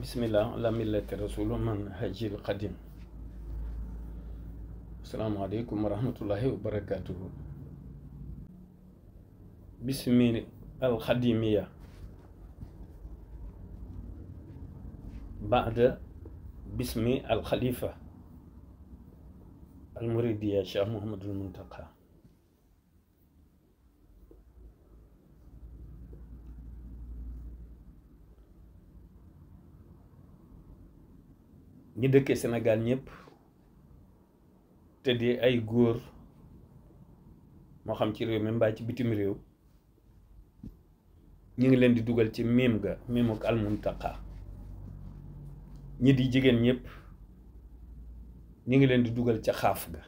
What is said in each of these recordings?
بسم الله على ملة رسول منهج القديم السلام عليكم ورحمة الله وبركاته بسم القديمية بعد الله الخليفة المريد يا محمد المنتقى ñi dëkkee senegaal ñëpp te di ay góor moo xam ci réew mi mbaa ci bitim réew ñu ngi leen di dugal ci miim ga miimu ak almuntaqa ñi di jigéen ñépp ñu ngi leen di dugal ca xaaf ga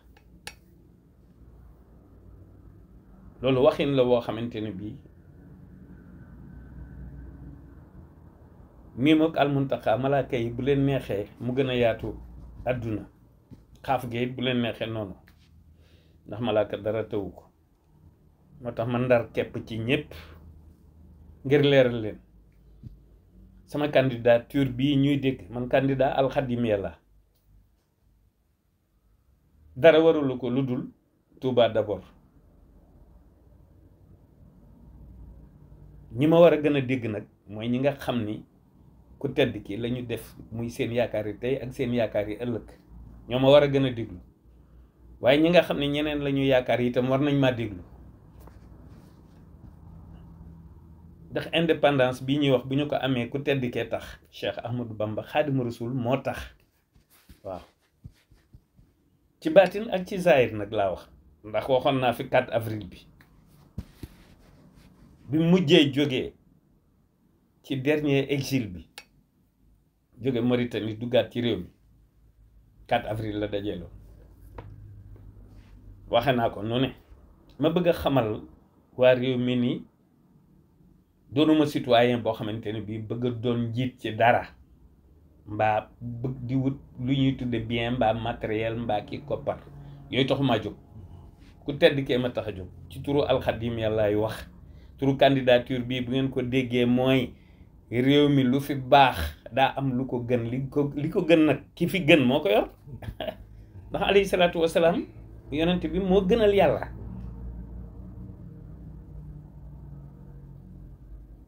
loolu waxin la woo xamante ne bii mimok al muntaka malaaka yi bu leen neexee mu gën a yaatu àdduna xaaf gi it bu leen neexee noonu ndax malaaka dara tëwu ko moo tax ma ci ngir sama candidature bi ñuy dégg man candidat al yàlla dara warulu ko lu tuba Touba d'abord ñi ma war a dégg ñi nga ku tedd ki lañu def muy seen yaakaar yi tey ak seen yaakaar yi ëllëg ñoo ma war a gën a déglu waaye ñi nga xam ne ñeneen la yaakaar yi itam war nañ maa déglu ndax independance bi ñuy wax bu ñu ko amee ku tedd kee tax Cheikh Ahmadou Bamba Xaadimu Rasul moo tax waaw ci baatin ak ci zaahir nag laa wax ndax waxoon naa fi kat avril bi bi mujjee jógee ci dernier exil bi joge Mauritanie duggaat ci rew mi 4 avril la dajelo waxena ko noné ma bëgg xamal wa rew mi ni doonuma citoyen bo xamanteni bi bëgg doon jitt ci dara mba bëgg di wut lu ñuy bien mba matériel mba ki koppar yooyu taxumaa jox ku tedd ke ma tax a jóg ci turu yalla yi wax turu candidature bi bu ngeen ko déggé moy réew mi lu fi baax daa am lu ko gën li ko li ko gën nag ki fi gën moo ko yor ndax alayhi salaatu wasalaam yonent bi moo gënal yàlla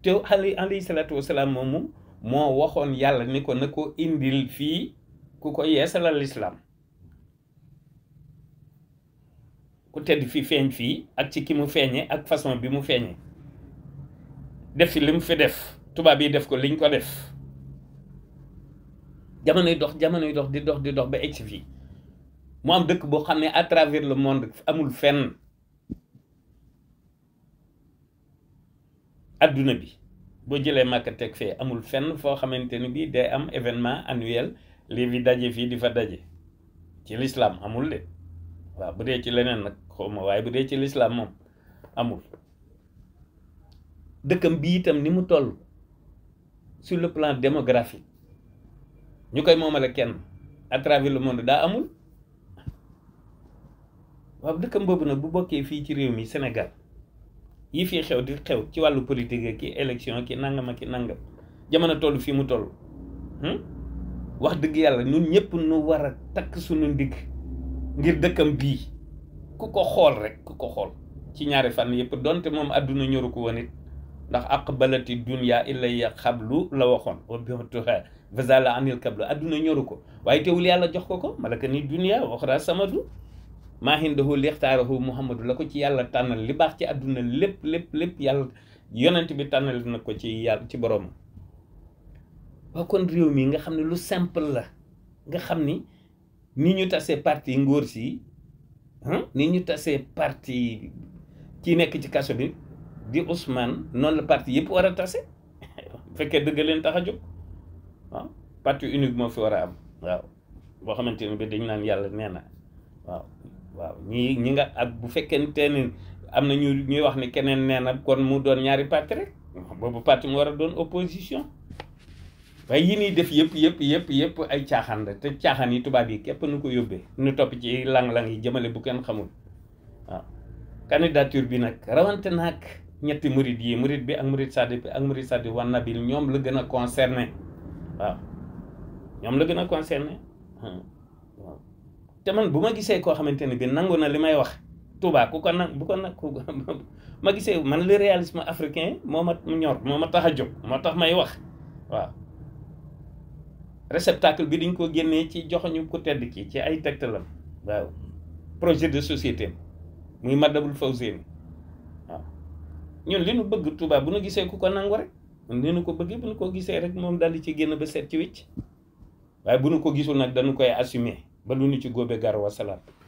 te ali alayhi salaatu wasalaam moomu moo waxoon yàlla ni ko na ko indil fii ku ko yeesalal lislaam ku tedd fi feeñ fii ak ci ki mu feeñe ak façon bi mu feeñe def fi li mu fi def tubaab yi def ko liñ ko def jamonoy dox jamonoy dox di dox di dox ba egsi fii mu am dëkk boo xam ne à travers le monde amul fenn adduna bi boo jëlee Màkka teg fee amul fenn foo xamante ni bii day am événement annuel lii bi daje fii di fa daje ci lislaam amul de waaw bu dee ci leneen nag xawma waaye bu dee ci lislaam moom amul dëkkam bi itam ni mu toll sur le plan démographique ñu koy moomale kenn à travers le monde da amul wa dëkkam bobu nag bu bokkee fii ci réew mi Sénégal yi fi xew di xew ci wàllu politique ki élection ki nangam ak ki nangam jamono toll fi mu toll hmm? wax dëgg yàlla ñun ñëpp nu war a takk suñu ndig ngir dëkkam bii ku ko xool rek ku ko xool ci ñaari fànn yëpp donte moom ñoru ko woon ndax aqbalati dunya ilaya xablu la waxoon wa bituha fasala anil kablu adduna ñoru ko waaye teewul yàlla jox ko ko malaka ni dunya waxra samadu maa hindahu lixtaarahu muhammadu la ko ci yàlla tànnal li baax ci àdduna lépp lépp lépp yàlla yonent bi tànnal na ko ci yàlla ci borom waa kon réew mi nga xam ne lu simple la nga xam ni ni ñu tasee parti ngóor si ni ñu tasee parti kii nekk ci kaso bi di Ousmane non le parti yépp wara tassé tase dëgg leen tax wa parti unique mo fi wara am wa bo xamanteni bi dañ nan yalla néna wa wa ñi ñi nga ak bu fekkente ne amna ñu ñuy wax ni kenen néna kon mu doon ñaari parti rek boobu parti mu wara doon opposition way yi ni def yépp yépp yépp yépp ay tiaxan la te tiaxan yi tuba bi képp nu ko yóbbee nu top ci lang-lang yi jëmele bu kenn xamul waaw candidature bi nak rawante nak ñetti murid yi murid bi ak murid sadiq bi ak murid sadiq wan nabil ñoom la gën a concerné waaw ñoom la gën a concerné waaw te man bu ma gisee koo xamante ne bi nangu na li may wax Touba ku ko nag bu ko nag ku ma gisee man le réalisme africain moo ma ñor moo ma tax a jóg moo tax may wax waaw réceptacle bi dañ ko génnee ci joxoñu ku tedd ki ci ay tegtalam waaw projet de société muy Madabul Fawzeyni ñun li nu bëgg Touba bu nu gisee ku ko nangu rek ni nu ko bëggee bu nu ko gisee rek moom daal di ci génn ba seet ci wécc waaye bu nu ko gisul nag dañu koy assumer ba lu nu ci góobe gar wasalaam